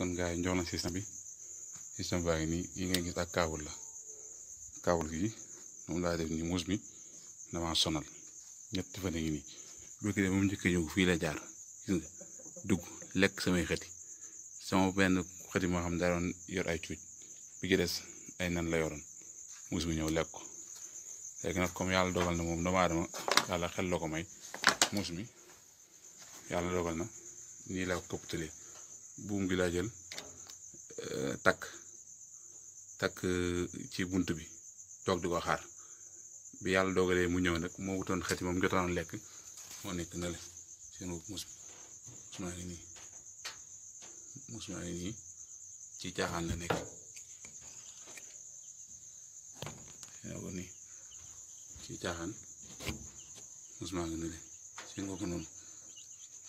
kon gars yi jox na système bi ngi nii yi ngay gis ak kaabul la kaabul gi moom laa def nii muus mi ma sonal ñetti fan ngi nii bokk de moom njëkk ñëw fii la jaar gis dugg lekk samay xeti sama benn xëti moo xam daa doon yor ay cuuj bi ci des ay nan la yoroon muus mi ñëw lekk ko léegi nag comme yàlla dogal na moom doomu aadama yàlla xel la may muus mi yàlla dogal na nii la ko këpptalee buum gi laa jël euh, takk takk euh, ci bunt bi toog di ko xaar bi yàlla doogalee mu ñëw nag moo wutoon xeti moom jotoon lekk moo nekk na le seen mus maa ngi ci caaxaan la nekk yaa ko nii ci caaxaan mus maa ngi nii seen ko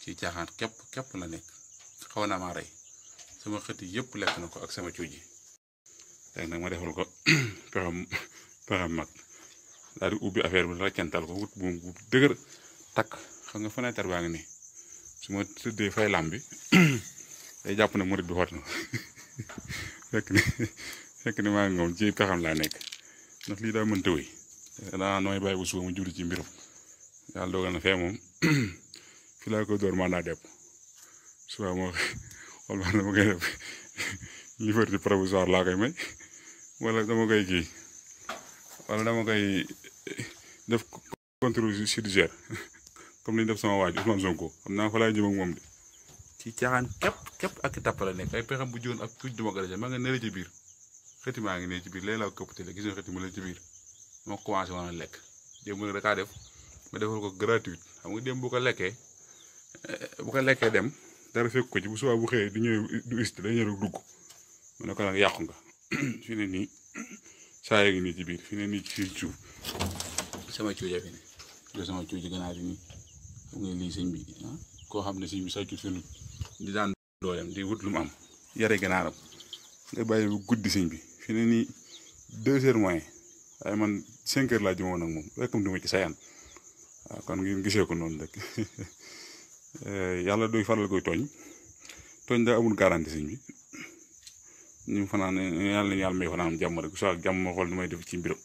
ci caaxaan képp képp la nekk xaw naa maa rey sama xëti yëpp lekk na ko ak sama cuuj yi léegi ma defal ko pexam pexam mag daal di ubbi affaire bi raccantal ko wut buum bu dëgër takk xam nga fenêtre baa ngi nii su ma tëddee jàpp ne murit bi xoot na fekk moom ci pexam na fee moom fi door maa naa depp suba moo xool ba dama koy def liberté provisoire wala dama koy kii wala dama koy def contrôle judiciaire comme ni ñu def sama waaj Ousmane Sonko xam naa fa laay jëm ak moom de ci caaxaan képp képp ak i tàppale nekk ay bu jóon ak tuuti duma ko defee maa ngi nële ci biir xëti maa ngi ne ci biir léegi laa ko këppatee gis nga mu ne ci biir moo commencé lekk démb nag da kaa def ma defal ko gratuite xam nga démb bu ko lekkee eh, bu ko lekkee dem. dara fekk ko ci bu subaa bu xëyee du ñëw du ist day ñëw dugg mu ne ko nag yàqu nga fi ne nii saa ngi nii ci biir nii ci suuf sama cuuja fi ne ah, xam ne sëñ bi sàccu di daan dooleem di wut lu mu am yare ganaaram nga bàyyi bu guddi sëñ bi fi ne nii deux heures moins waaye man cinq heures laa jëmoon ak moom rekkum duma ci sayaan waaw ah, kon ngeen gisee ko noonu rek Eh, yàlla doy faral koy tooñ tooñ da amul garanti sëñ bi ñu fanaan yàlla yàlla may fanaan jàmm rek su ak jàmm ma xool nu may def ci mbiram